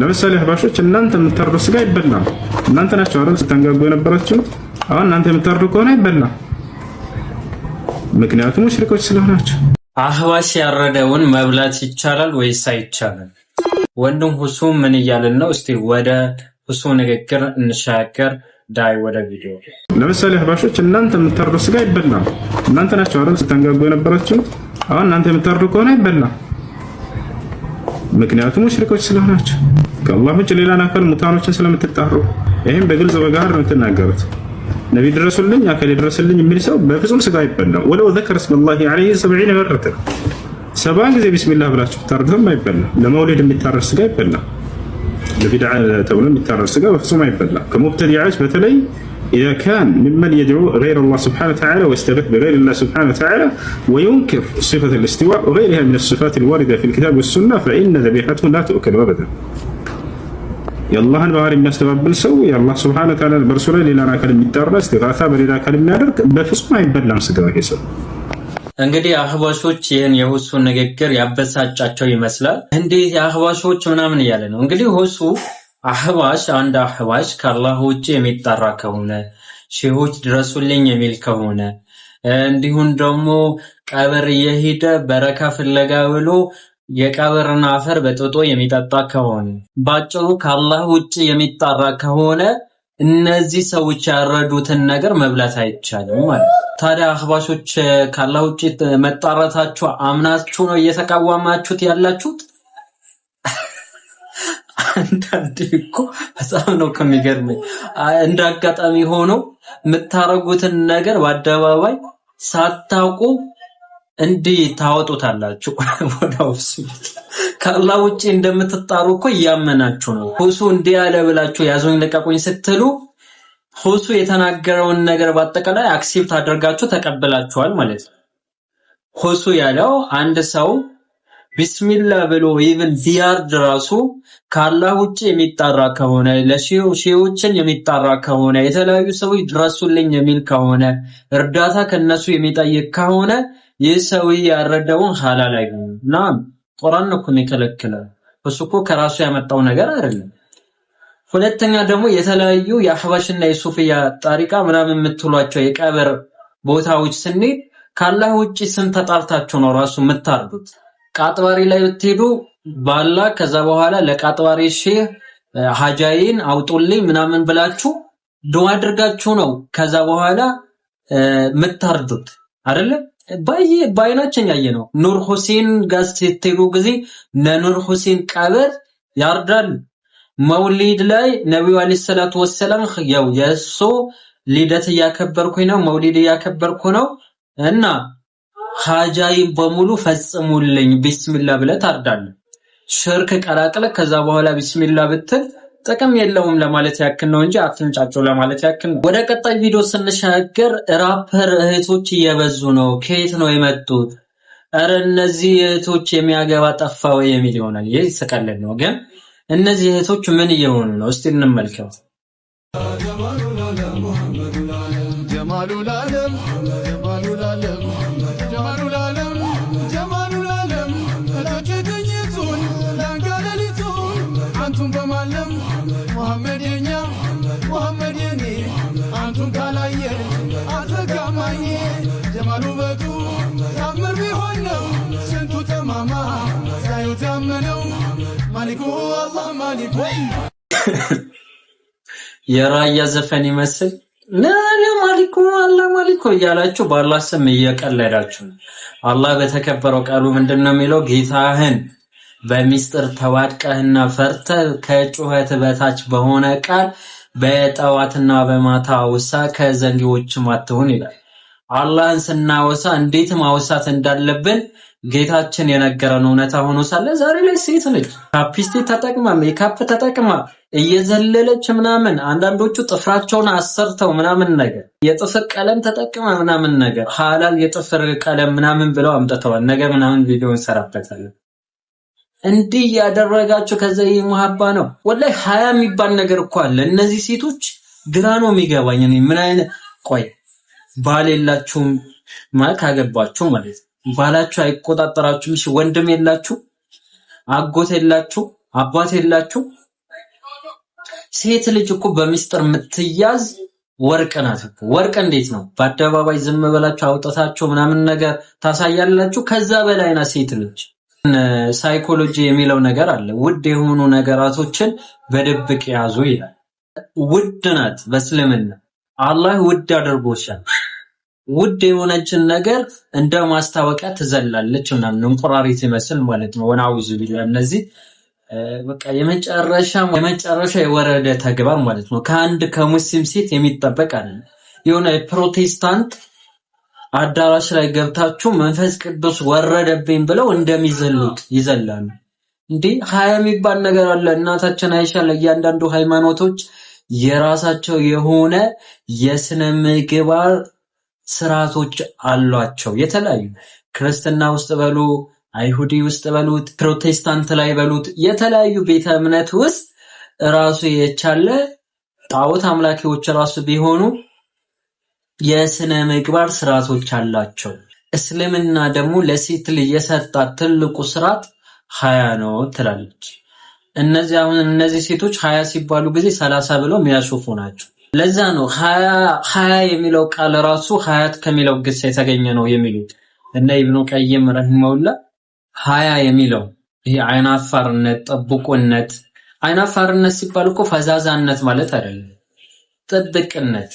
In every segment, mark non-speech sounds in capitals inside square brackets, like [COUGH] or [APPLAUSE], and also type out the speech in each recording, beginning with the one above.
ለምሳሌ አህባሾች እናንተ የምታርዱት ስጋ አይበላም። እናንተ ናቸው አይደል ስታንጋጉ የነበራችሁ። አሁን እናንተ የምታርዱ ከሆነ አይበላም፣ ምክንያቱም ሙሽሪኮች ስለሆናቸው። አህባሽ ያረደውን መብላት ይቻላል ወይስ አይቻልም? ወንድም ሁሱ ምን እያልን ነው? እስቲ ወደ ሁሱ ንግግር እንሻገር። ዳይ ወደ ቪዲዮ ለምሳሌ አህባሾች እናንተ የምታርዱት ስጋ አይበላም። እናንተ ናቸው አይደል ስታንጋጉ የነበራችሁ። አሁን እናንተ የምታርዱ ከሆነ አይበላም፣ ምክንያቱም ሙሽሪኮች ስለሆናቸው ከአላህ ውጭ ሌላን አካል ሙታኖችን ስለምትጣሩ ይህም በግልጽ በጋር ነው የምትናገሩት። ነቢ ድረሱልኝ አካል ድረስልኝ የሚል ሰው በፍጹም ስጋ አይበላም። ወለው ዘከር ስመላ ለ ሰብዒን መረትን ሰባ ጊዜ ቢስሚላህ ብላችሁ ብታርዱም አይበላም። ለመውሊድ የሚታረር ስጋ አይበላም። ለቢድዓ ተብሎ የሚታረር ስጋ በፍጹም አይበላም። ከሙብተዲዓዎች በተለይ إذا كان ممن يدعو غير الله سبحانه وتعالى ويستغيث بغير الله سبحانه وتعالى وينكر صفة الاستواء وغيرها من الصفات الواردة في الكتاب والسنة فإن ذبيحته لا تؤكل أبدا የአላህን ባህሪ የሚያስተባብል ሰው የአላህ ስብሐነ ወተዓላ በእርሱ ላይ ሌላን አካል የሚጠራ እስቲጋሳ በሌላ አካል የሚያደርግ በፍጹም አይበላም ስጋ ሰው። እንግዲህ አህባሾች ይህን የሁሱ ንግግር ያበሳጫቸው ይመስላል። እንዲህ የአህባሾች ምናምን እያለ ነው። እንግዲህ ሁሱ አህባሽ፣ አንድ አህባሽ ከአላህ ውጭ የሚጠራ ከሆነ ሼሆች ድረሱልኝ የሚል ከሆነ እንዲሁም ደግሞ ቀብር እየሄደ በረካ ፍለጋ ብሎ የቀብርን አፈር በጥጦ የሚጠጣ ከሆነ ባጭሩ ከአላህ ውጭ የሚጣራ ከሆነ እነዚህ ሰዎች ያረዱትን ነገር መብላት አይቻልም ማለት ታዲያ አህባሾች ካላህ ውጭ መጣረታችሁ አምናችሁ ነው እየተቃወማችሁት ያላችሁት? አንዳንዴ እኮ በጣም ነው ከሚገርመኝ። እንደ አጋጣሚ ሆኖ የምታረጉትን ነገር በአደባባይ ሳታውቁ እንዲህ ታወጡታላችሁ። [LAUGHS] ወደ ውሱ ከአላህ ውጭ እንደምትጣሩ እኮ እያመናችሁ ነው። ሁሱ እንዲህ ያለ ብላችሁ ያዙኝ ልቀቁኝ ስትሉ ሁሱ የተናገረውን ነገር በአጠቃላይ አክሲፕት አድርጋችሁ ተቀብላችኋል ማለት ነው። ሁሱ ያለው አንድ ሰው ቢስሚላ ብሎ ኢብን ዚያርድ ራሱ ከአላህ ውጭ የሚጣራ ከሆነ ለሺዎችን የሚጣራ ከሆነ የተለያዩ ሰዎች ድረሱልኝ የሚል ከሆነ እርዳታ ከነሱ የሚጠይቅ ከሆነ ይህ ሰው ያረደውን ሐላል አይሆንም እና ቁርአን እኮ ነው እሱ እኮ ከራሱ ያመጣው ነገር አይደለም። ሁለተኛ ደግሞ የተለያዩ የአህባሽና የሱፍያ ጣሪቃ ምናምን የምትሏቸው የቀብር ቦታዎች ስንሄድ ካላህ ውጭ ስም ተጣርታችሁ ነው ራሱ የምታርዱት? ቃጥባሪ ላይ ብትሄዱ ባላ ከዛ በኋላ ለቃጥባሪ ሼህ ሀጃይን አውጡልኝ ምናምን ብላችሁ ዱዓ አድርጋችሁ ነው ከዛ በኋላ የምታርዱት አይደለ? በአይናችን ያየ ነው። ኑር ሁሴን ጋር ስትሄዱ ጊዜ ነኑር ሁሴን ቀብር ያርዳል። መውሊድ ላይ ነቢዩ ዓለይሂ ሰላቱ ወሰላም ያው የእሱ ልደት እያከበርኩኝ ነው፣ መውሊድ እያከበርኩ ነው እና ሀጃይም በሙሉ ፈጽሙልኝ ቢስሚላ ብለ ታርዳለ ሽርክ ቀላቅለ ከዛ በኋላ ቢስሚላ ብትል ጥቅም የለውም ለማለት ያክል ነው እንጂ አትንጫቸው ለማለት ያክል ነው። ወደ ቀጣይ ቪዲዮ ስንሻገር ራፐር እህቶች እየበዙ ነው፣ ከየት ነው የመጡት? እረ እነዚህ እህቶች የሚያገባ ጠፋ ወይ የሚል ይሆናል። ይህ ስቀልድ ነው፣ ግን እነዚህ እህቶች ምን እየሆኑ ነው? እስቲ እንመልከት። ዓለም የኛ የኔ አንቱን ካላየ ታምር ቢሆን ነው ስንቱ ጠማማ ማሊኩ አላህ ማሊኩ የራያ ዘፈን ይመስል ላለ ማሊኮ አላ ማሊኮ እያላችሁ በአላህ ስም እየቀለዳችሁ ነው። አላህ በተከበረው ቃሉ ምንድን ነው የሚለው ጌታህን በሚስጥር ተዋድቀህና ፈርተህ ከጩኸት በታች በሆነ ቃል በጠዋትና በማታ ውሳ ከዘንጊዎችም አትሁን ይላል። አላህን ስናወሳ እንዴት ማውሳት እንዳለብን ጌታችን የነገረን እውነታ ሆኖ ሳለ ዛሬ ላይ ሴት ልጅ ካፒስቲክ ተጠቅማ ሜካፕ ተጠቅማ እየዘለለች ምናምን አንዳንዶቹ ጥፍራቸውን አሰርተው ምናምን ነገር የጥፍር ቀለም ተጠቅማ ምናምን ነገር ሀላል የጥፍር ቀለም ምናምን ብለው አምጥተዋል። ነገ ምናምን ቪዲዮ እንሰራበታለን። እንዲህ ያደረጋቸው ከዛ ይህ ነው። ወላይ ሀያ የሚባል ነገር እኮ አለ። እነዚህ ሴቶች ግራ ነው የሚገባኝ። እኔ ምን አይነት ቆይ ባል የላችሁም ማለት ካገባችሁ ማለት ባላችሁ አይቆጣጠራችሁም። ወንድም የላችሁ፣ አጎት የላችሁ፣ አባት የላችሁ። ሴት ልጅ እኮ በሚስጥር የምትያዝ ወርቅ ናት እኮ። ወርቅ እንዴት ነው በአደባባይ ዝም ብላችሁ አውጥታችሁ ምናምን ነገር ታሳያላችሁ። ከዛ በላይ ናት ሴት ልጅ ሳይኮሎጂ የሚለው ነገር አለ። ውድ የሆኑ ነገራቶችን በድብቅ ያዙ ይላል። ውድ ናት በእስልምና አላህ ውድ አድርጎሻል። ውድ የሆነችን ነገር እንደ ማስታወቂያ ትዘላለች ምናምን እንቁራሪት ይመስል ማለት ነው። ወናውዝ ቢ እነዚህ በቃ የመጨረሻ የመጨረሻ የወረደ ተግባር ማለት ነው። ከአንድ ከሙስሊም ሴት የሚጠበቅ አለ የሆነ ፕሮቴስታንት አዳራሽ ላይ ገብታችሁ መንፈስ ቅዱስ ወረደብኝ ብለው እንደሚዘሉት ይዘላሉ። እንዴ ሀያ የሚባል ነገር አለ። እናታችን አይሻ ለእያንዳንዱ ሃይማኖቶች የራሳቸው የሆነ የስነ ምግባር ስርዓቶች አሏቸው። የተለያዩ ክርስትና ውስጥ በሉ፣ አይሁዲ ውስጥ በሉት፣ ፕሮቴስታንት ላይ በሉት፣ የተለያዩ ቤተ እምነት ውስጥ ራሱ የቻለ ጣዖት አምላኪዎች ራሱ ቢሆኑ የስነ ምግባር ስርዓቶች አላቸው። እስልምና ደግሞ ለሴት ልጅ የሰጣት ትልቁ ስርዓት ሀያ ነው ትላለች። እነዚህ አሁን እነዚህ ሴቶች ሀያ ሲባሉ ጊዜ ሰላሳ ብለው የሚያሾፉ ናቸው። ለዛ ነው ሀያ የሚለው ቃል ራሱ ሀያት ከሚለው ግስ የተገኘ ነው የሚሉት እነ ኢብኑ ቀይም ረሂመውላ ሀያ የሚለው ይሄ አይናፋርነት፣ ጥብቁነት አይናፋርነት ሲባል እኮ ፈዛዛነት ማለት አይደለም፣ ጥብቅነት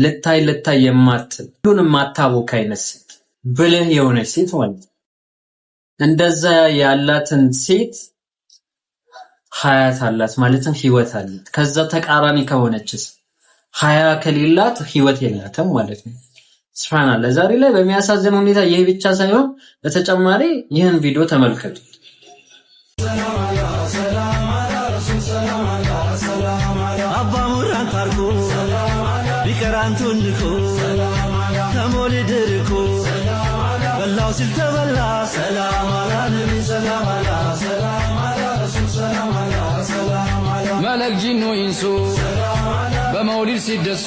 ልታይ ልታይ የማትል ሁሉንም ማታወቅ አይነት ሴት ብልህ የሆነች ሴት ማለት እንደዛ ያላትን ሴት ሀያት አላት ማለትም ህይወት አላት። ከዛ ተቃራኒ ከሆነችስ ሀያ ከሌላት ህይወት የላትም ማለት ነው። ስብሓን ዛሬ ላይ በሚያሳዝን ሁኔታ ይህ ብቻ ሳይሆን በተጨማሪ ይህን ቪዲዮ ተመልከቱ። ላንቱ እንኩ ተሞል ድርኩ በላው ሲል ተበላ መለክ ጂኑ ኢንሱ በመውሊድ ሲደሱ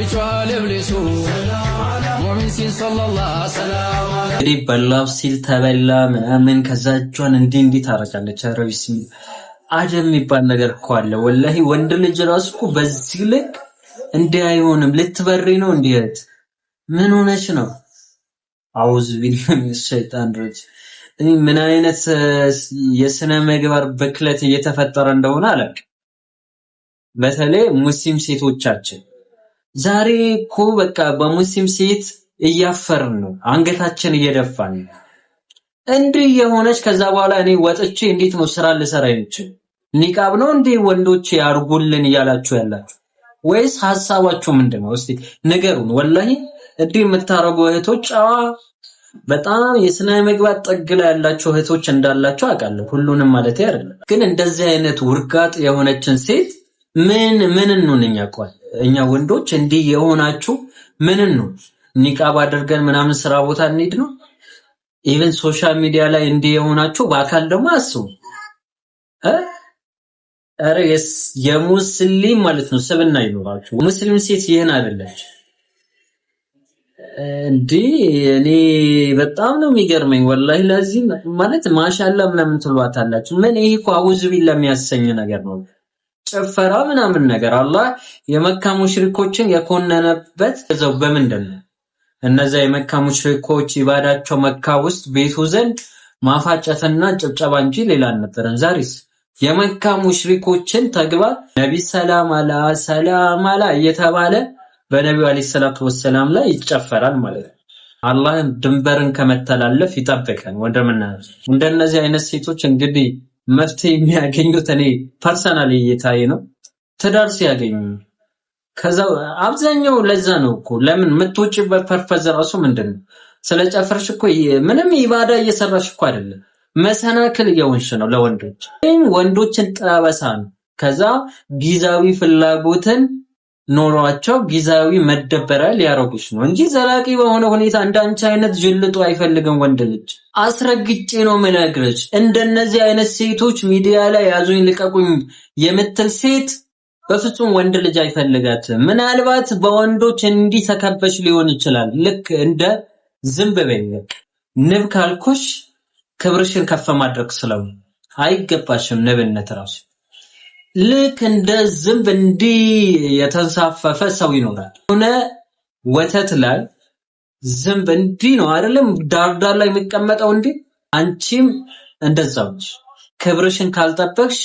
ይጮኻል እብሊሱ እንግዲህ በላው ሲል ተበላ ምናምን ከዛ እጇን እንዲህ እንዲህ ታረጋለች። ረቢስ አጀብ የሚባል ነገር እኮ አለ ወላሂ። ወንድ ልጅ ራሱ በዚህ ልክ እንዲህ አይሆንም ልትበሪ ነው እንዴት ምን ሆነች ነው አውዝ ቢልም ሸይጣን ረጅም ምን አይነት የስነ ምግባር ብክለት እየተፈጠረ እንደሆነ አላውቅም። በተለይ ሙስሊም ሴቶቻችን ዛሬ እኮ በቃ በሙስሊም ሴት እያፈርን ነው፣ አንገታችን እየደፋን ነው። እንዲህ የሆነች ከዛ በኋላ እኔ ወጥቼ እንዴት ነው ስራ ልሰራ ይችል? ኒቃብ ነው እንዴ ወንዶች ያርጉልን እያላችሁ ያላችሁ? ወይስ ሀሳባችሁ ምንድን ነው? እስቲ ንገሩን። ወላሂ እንዲህ የምታረጉ እህቶች ጨዋ በጣም የስነ ምግባር ጥግ ላይ ያላቸው እህቶች እንዳላቸው አውቃለሁ። ሁሉንም ማለት አይደለም፣ ግን እንደዚህ አይነት ውርጋጥ የሆነችን ሴት ምን ምን ነው እኛ እኛ ወንዶች እንዲህ የሆናችሁ ምን ነው? ኒቃብ አድርገን ምናምን ስራ ቦታ እንሂድ ነው? ኢቨን ሶሻል ሚዲያ ላይ እንዲህ የሆናችሁ በአካል ደግሞ አስቡ። ኧረ የሙስሊም ማለት ነው ስብና ይኖራችሁ። ሙስሊም ሴት ይህን አይደለች እንዲህ እኔ በጣም ነው የሚገርመኝ ወላሂ። ለዚህ ማለት ማሻላ ምናምን ትሏታላችሁ። ምን ይሄ እኮ አውዝ ቢል ለሚያሰኝ ነገር ነው፣ ጭፈራ ምናምን ነገር። አላህ የመካ ሙሽሪኮችን የኮነነበት ዘው በምንድን ነው? እነዛ የመካ ሙሽሪኮች ኢባዳቸው መካ ውስጥ ቤቱ ዘንድ ማፋጨትና ጭብጨባ እንጂ ሌላ አልነበረም። ዛሬስ የመካ ሙሽሪኮችን ተግባር ነቢ ሰላም አላ ሰላም አላ እየተባለ በነቢዩ አለ ሰላቱ ወሰላም ላይ ይጨፈራል ማለት ነው። አላህን ድንበርን ከመተላለፍ ይጠብቀን። ወንድምና እንደነዚህ አይነት ሴቶች እንግዲህ መፍትሄ የሚያገኙት እኔ ፐርሰናል እየታየ ነው፣ ትዳር ሲያገኙ ከዛ አብዛኛው ለዛ ነው እኮ ለምን የምትውጭበት ፐርፐዝ ራሱ ምንድን ነው? ስለጨፈርሽ እኮ ምንም ኢባዳ እየሰራሽ እኮ አይደለም። መሰናክል እየሆንሽ ነው ለወንዶች። ወይም ወንዶችን ጠበሳ ነው። ከዛ ጊዛዊ ፍላጎትን ኖሯቸው ጊዛዊ መደበሪያ ሊያረጉሽ ነው እንጂ ዘላቂ በሆነ ሁኔታ እንዳንቺ አይነት ጅልጡ አይፈልግም ወንድ ልጅ። አስረግጬ ነው ምነግርሽ፣ እንደነዚህ አይነት ሴቶች ሚዲያ ላይ ያዙኝ ልቀቁኝ የምትል ሴት በፍጹም ወንድ ልጅ አይፈልጋትም። ምናልባት በወንዶች እንዲህ ተከበሽ ሊሆን ይችላል። ልክ እንደ ዝንብ በኝ ንብ ካልኮሽ ክብርሽን ከፍ ማድረግ ስለው አይገባሽም። ነብነት ራሱ ልክ እንደ ዝንብ እንዲህ የተንሳፈፈ ሰው ይኖራል። ሆነ ወተት ላይ ዝንብ እንዲህ ነው አይደለም፣ ዳርዳር ላይ የሚቀመጠው እንዲህ። አንቺም እንደዛች ክብርሽን ካልጠበቅሽ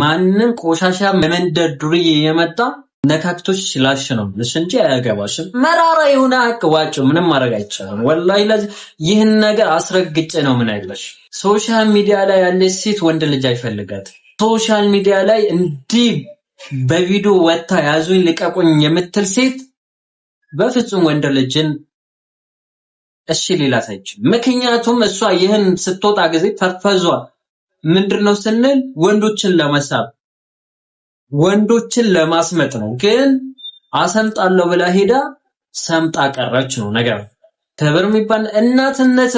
ማንም ቆሻሻ ለመንደር ዱርዬ የመጣ ነካክቶች ላሽ ነው ልሽ እንጂ አያገባሽም። መራራ የሆነ ሀቅ ዋጭ ምንም ማድረግ አይቻልም። ወላሂ ይህን ነገር አስረግጬ ነው ምን አይለሽ። ሶሻል ሚዲያ ላይ ያለች ሴት ወንድ ልጅ አይፈልጋት። ሶሻል ሚዲያ ላይ እንዲህ በቪዲዮ ወጥታ ያዙኝ ልቀቁኝ የምትል ሴት በፍጹም ወንድ ልጅን እሺ ሌላ ሳይች ምክንያቱም እሷ ይህን ስትወጣ ጊዜ ፈርፈዟ ምንድን ነው ስንል ወንዶችን ለመሳብ ወንዶችን ለማስመጥ ነው። ግን አሰምጣለሁ ብላ ሄዳ ሰምጣ ቀረች ነው ነገር። ክብር የሚባል እናትነት